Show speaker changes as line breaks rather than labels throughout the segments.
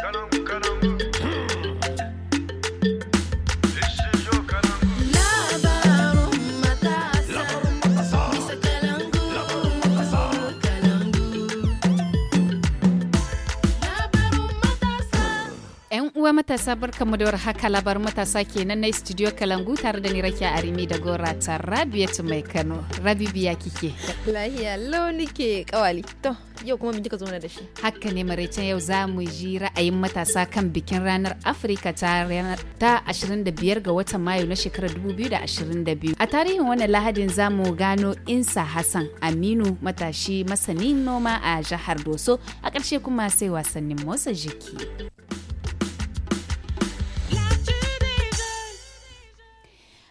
Caramba.
yawa matasa barkanmu da haka labarin matasa kenan na studio Kalangu tare da ni a Arimi da Gora ta Rabiatu mai Kano. Rabibiya kike. Lahiya lau nike kawali. To yau kuma bin kika da shi. Haka ne maraicen yau za mu ji ra'ayin matasa kan bikin ranar Afirka ta ranar ta 25 ga watan Mayu na shekarar 2022. A tarihin wani Lahadin za mu gano Insa Hassan Aminu matashi masanin noma a jihar Doso a ƙarshe kuma sai wasannin motsa jiki.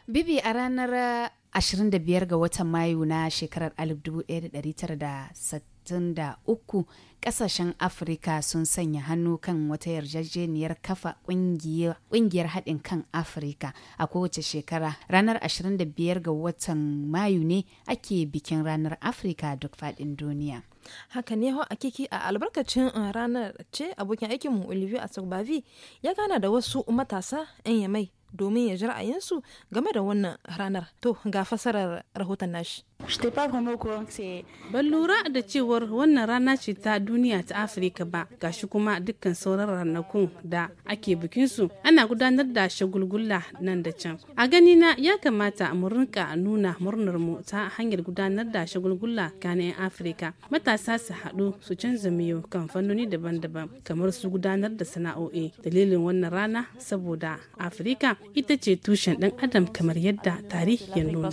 Bibi a ranar 25 eh, ga watan Mayu na shekarar 1963 kasashen Afirka sun sanya hannu kan wata yarjejeniyar kafa kungiyar haɗin kan Afirka a kowace shekara. Ranar 25 ga watan Mayu ne ake bikin ranar Afirka duk faɗin duniya. haka ne a kiki a albarkacin eh, ranar ce abokin aikinmu olivier asogbavi ya gana da wasu matasa 'yan yamai domin ya ji ra'ayinsu game da wannan ranar. To ga fasarar rahoton nashi.
Ban lura da cewar wannan rana ce ta duniya ta Afirka ba, gashi kuma dukkan sauran ranakun da ake bikinsu ana gudanar da shagulgulla nan da can. A ganina ya kamata mu rinka nuna murnar mu ta hanyar gudanar da shagulgulla gane 'yan Afirka. Matasa su haɗu su canza miyo kan fannoni daban-daban kamar su gudanar da sana'o'i. Dalilin wannan rana saboda Afirka ita ce tushen ɗan adam kamar yadda tarihi ya nuna.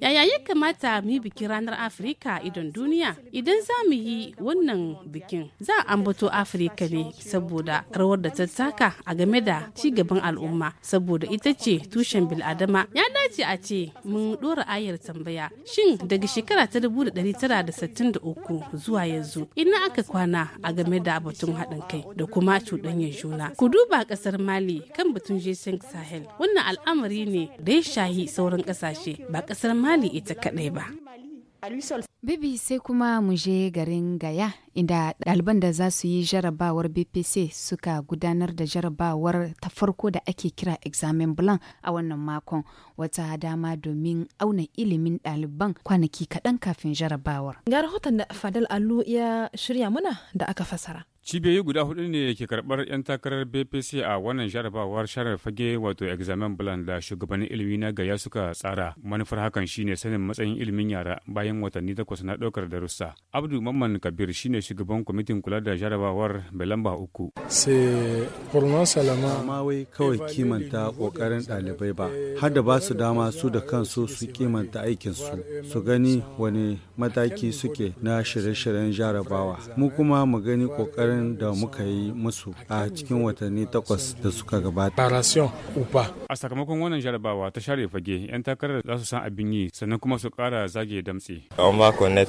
Yaya ya kamata mu bikin ranar Afirka idan duniya? Idan za mu yi wannan bikin, za a ambato Afirka ne saboda rawar da ta taka a game da ci gaban al'umma saboda ita ce tushen bil'adama. Ya dace a ce mun dora ayar tambaya. Shin daga shekara ta 1963 zuwa yanzu ina aka kwana a game da batun haɗin kai da kuma cuɗanyar juna. Ku duba ƙasar Mali kan batun Jason Sahel. Wannan al'amari ne da ya shahi sauran ƙasashe. ƙasashe ba ƙasar mali ita kaɗai ba
Bibi sai kuma mu je garin Gaya inda ɗaliban da za su yi jarabawar BPC suka gudanar da jarabawar ta farko da ake kira examen blanc a wannan makon wata dama domin auna ilimin ɗaliban kwanaki kaɗan kafin jarabawar. Ga rahoton da Fadal Allu ya shirya muna da aka fasara.
cibiyoyi guda hudu ne ke karbar 'yan takarar bpc a wannan jarabawar sharar fage wato examen blan da shugabannin ilimi na gaya suka tsara manufar hakan shine sanin matsayin ilimin yara bayan watanni takwas na daukar darussa abdu mamman kabir shine shugaban kwamitin kula da jarabawar mai lamba uku
ma kawai kimanta kokarin ɗalibai ba har da ba su dama su da kansu su kimanta aikin su su gani wani mataki suke na shirye-shiryen jarabawa mu kuma mu gani kokarin kokarin da muka yi musu a cikin watanni takwas da suka gabata.
A sakamakon wannan jarabawa ta share fage 'yan takarar za su san abin yi sannan kuma su kara zage damtse.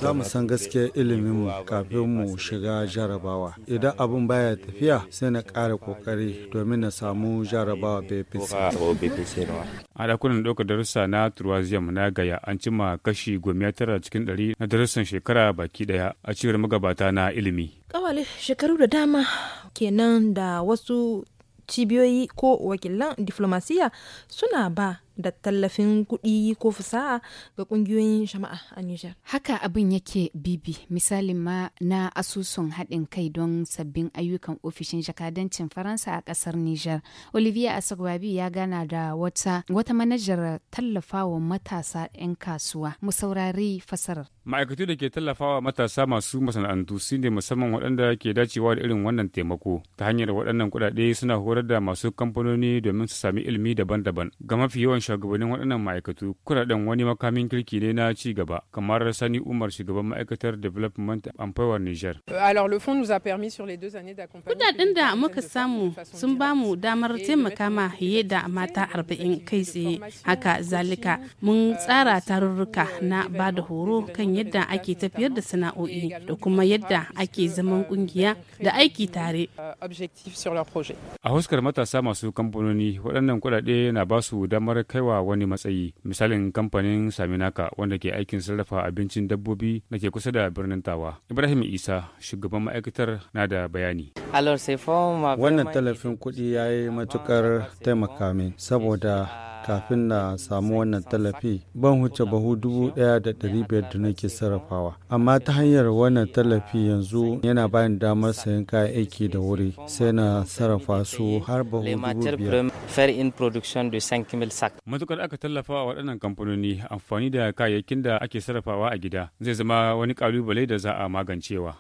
Za mu
san gaske ilimin mu kafin mu shiga jarabawa. Idan abin baya tafiya sai na kara kokari domin na samu jarabawa BPC.
A dakunan ɗaukar darussa na Turwaziyam na Gaya an cimma kashi gomiya tara cikin ɗari na darussan shekara baki ɗaya a cikin magabata na ilimi.
kawale shekaru da dama kenan da wasu cibiyoyi ko wakilan diflomasiya suna ba da tallafin kuɗi ko fasaha ga ƙungiyoyin jama'a a Nijar. Haka abin yake bibi misalin ma na asusun haɗin kai don sabbin ayyukan ofishin jakadancin Faransa a ƙasar Nijar. Olivier Asagwabi ya gana da wata wata manajar tallafawa matasa 'yan kasuwa. Mu saurari fasarar.
Ma'aikatu da ke tallafawa matasa masu masana'antu su ne musamman waɗanda ke dacewa da irin wannan taimako. Ta hanyar waɗannan kuɗaɗe suna horar da masu kamfanoni domin su sami ilimi daban-daban. Ga mafi yawan shugabannin waɗannan ma'aikatu kuɗaɗen wani makamin kirki ne na ci gaba kamar sani umar shugaban ma'aikatar development power niger
kuɗaɗen da muka samu sun ba mu damar taimaka ma fiye da mata arba'in kai tsaye haka zalika mun euh, tsara tarurruka na ba da horo kan yadda ake tafiyar da sana'o'i da kuma yadda ake euh, zaman kungiya da aiki tare euh,
a huskar matasa masu kamfanoni waɗannan kuɗaɗe na ba su damar kaiwa wani matsayi misalin kamfanin saminaka wanda ke aikin sarrafa abincin dabbobi da ke kusa da birnin tawa ibrahim isa shugaban ma'aikatar na da bayani
wannan tallafin kuɗi ya yi matukar taimaka min saboda kafin na samu wannan tallafi ban huce bahu dubu daya da dari biyar da nake sarrafawa amma ta hanyar wannan tallafi yanzu yana bani damar sayan kayan aiki da wuri sai na sarrafa su har bahu dubu biyar.
matukar aka tallafa wa waɗannan kamfanoni amfani da kayayyakin da ake sarrafawa a gida zai zama wani kalubale da za a magancewa.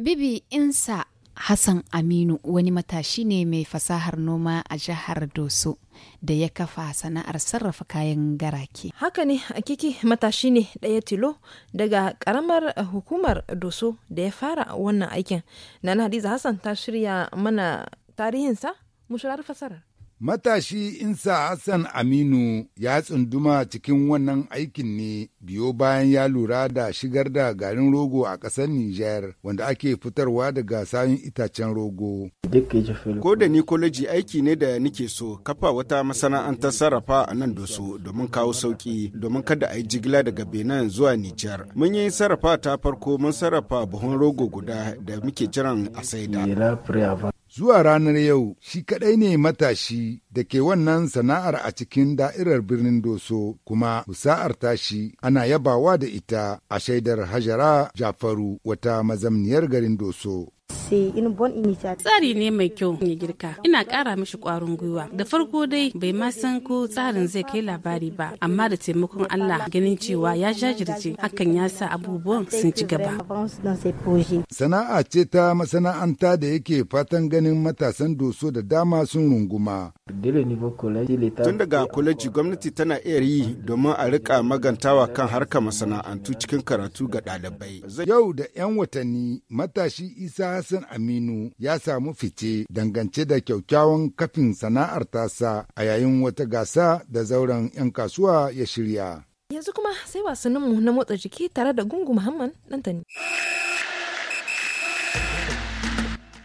Bibi Insa Hassan Aminu wani matashi ne mai fasahar noma a jihar Doso da ya kafa sana'ar sarrafa kayan garake. Haka ne a kiki matashi ne ɗaya tilo daga ƙaramar hukumar Doso da ya fara wannan aikin. Nana Hadiza Hassan ta shirya mana tarihinsa, mushirar fasarar.
Matashi Insa Hassan Aminu ya tsunduma cikin wannan aikin ne biyo bayan ya lura da shigar da garin rogo a ƙasar Nijar wanda ake fitarwa daga sayin itacen rogo. Ko da ni koleji aiki ne da nike so kafa wata masana'antar sarrafa a nan doso domin kawo sauƙi domin kada a yi jigila daga Benin zuwa Nijar. Mun yi sarrafa ta farko mun sarrafa buhun rogo guda da muke jiran a saida. Zuwa ranar yau, shi kadai ne matashi da ke wannan sana'ar a cikin da'irar birnin Doso kuma musa'ar tashi ana yabawa da ita a shaidar Hajara Jafaru wata mazamniyar garin Doso.
Tsari ne mai kyau ya girka. Ina ƙara mishi ƙwarin gwiwa. Da farko dai bai ma san ko tsarin zai kai labari ba, amma da taimakon Allah ganin cewa ya jajirce hakan ya sa abubuwan sun ci gaba.
Sana'a ce ta masana'anta da yake fatan ganin matasan doso da dama sun runguma. Tun daga kwaleji gwamnati tana iya yi domin a rika magantawa kan harkar masana'antu cikin karatu ga ɗalibai. Yau da 'yan watanni matashi Isa Hassan Aminu ya samu fice dangance da kyaukyawan kafin sana'ar tasa a yayin wata gasa da zauren 'yan kasuwa ya shirya.
Yanzu kuma sai wasanninmu na motsa jiki tare da Gungu Muhammad
Dantani.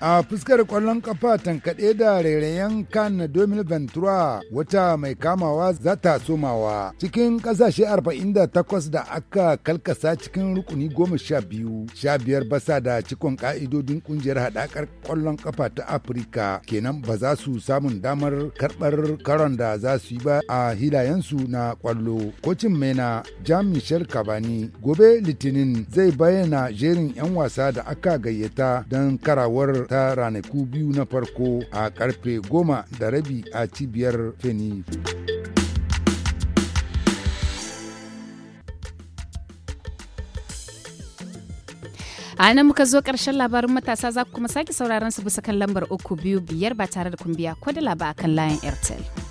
a fuskar kwallon kafa tankaɗe da rairayen kan 2023 wata mai kamawa za ta somawa cikin ƙasashe 48 da aka kalkasa cikin rukuni goma sha biyu, biyar basa da cikon ƙa'idodin ƙungiyar haɗakar kwallon kafa ta afirka kenan ba za su samun damar karɓar karon da za su yi ba a hilayensu na kwallo kocin mena jan michel kabani gobe litinin zai bayyana jerin 'yan wasa da aka gayyata don karawar ta ranaku biyu na farko a karfe goma da rabi a cibiyar feni
a nan muka zo ƙarshen labarin matasa za ku kuma sake sauraron su bisa kan lambar uku biyu biyar ba tare da kumbiya ko da laba akan layin airtel